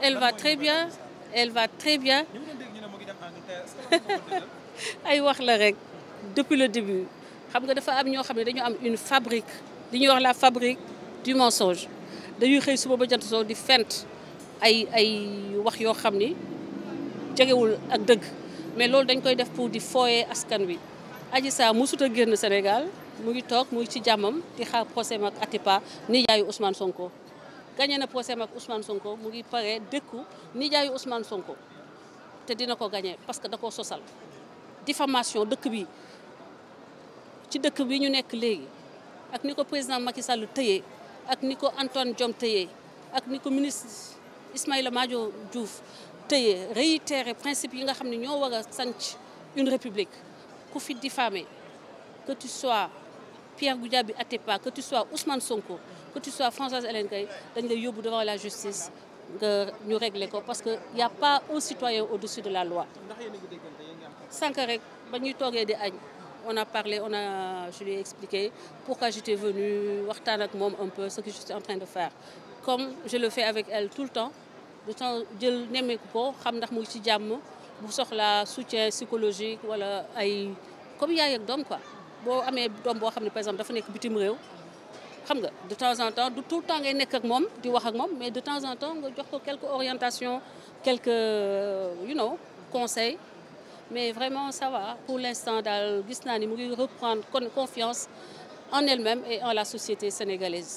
Elle va très bien elle va très bien ay wax la rek depuis le début xam nga dafa am ñoo xam ne dañu am une fabrique li ñuy wax la fabrique du mensonge dañuy xëy suba ba jant soo di fent ay ay wax yoo xam ni jegewul ak dëgg mais loolu dañ koy def pour di fooyee askan wi aji saa musut a génn Sénégal mu ngi toog mu ngi ci jàmmam di xaar procès ak Atepa nijaayu Ousmane Sonko. gañe na procès ak Ousmane Sonko mu ngi pare dëkku nijaayu Ousmane Sonko te dina ko gañe parce que da koo sosal diffamation dëkk bi ci dëkk bi ñu nekk léegi ak ni ko président Macky Sall tëyee ak ni ko Antoine Diome tëyee ak ni ko ministre Ismaïla Madior Diouf tëyee réitéré principe yi nga xam ne ñoo war a sanc une république ku fi diffamé que tu sois Pierre Goudiaby Atepa que tu sois Ousmane Sonko que tu sois Françoise Hélène Gaye dañ lay yóbbu devant la justice nga ñu régler ko parce que y' a pas un citoyen au-dessus de la loi. sànq rek ba ñuy toogee di añ on a parlé on a je lui ai expliqué pourquoi j'étais venue waxtaan ak moom un peu ce que je en train de faire comme je le fais avec elle tout le temps du temps jël nemmeeku ko xam ndax mu ngi ci jàmm bu soxla soutien psychologique wala ay comme yaay ak boo amee doom boo xam ne par exemple dafa nekk bitim réew xam nga de temps en temps tout le temps ngay nekk ak moom di wax ak moom mais de temps en temps nga jox ko quelques orientations quelques euh, you know conseils mais vraiment ça va pour l'instant daal gis naa ni mu ngi reprendre confiance en elle-même et en la société sénégalaise